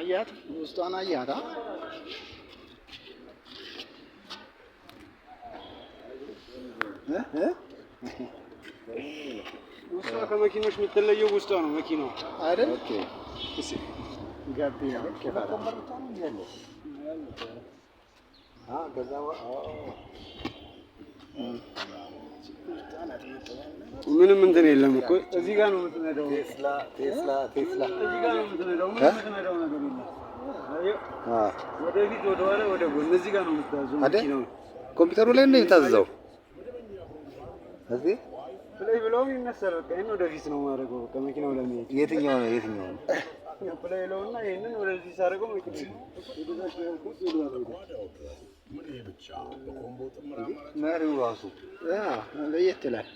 አያት ውስጧን አያታ ውስጧ ከመኪኖች የምትለየው ውስጧ ነው። መኪናው አይደል? ምንም እንትን የለም እኮ እዚህ ጋር ነው የምትነዳው። ቴስላ ቴስላ ቴስላ ነው ወደፊት ወደኋላ ወደ ጎን እዚህ ጋር ነው የምታዘው አይደል? ኮምፒውተሩ ላይ ነው የታዘዘው። እዚህ ፕሌይ ብሎም ይመሰል በቃ ይሄን ወደፊት ነው የማደርገው። በቃ መኪናው ለመሄድ የትኛው ነው የትኛው ነው ፕሌይ ብለውና ይሄንን ወደዚህ ሳደርገው መኪናው መሪው ራሱ ለየት ይላል።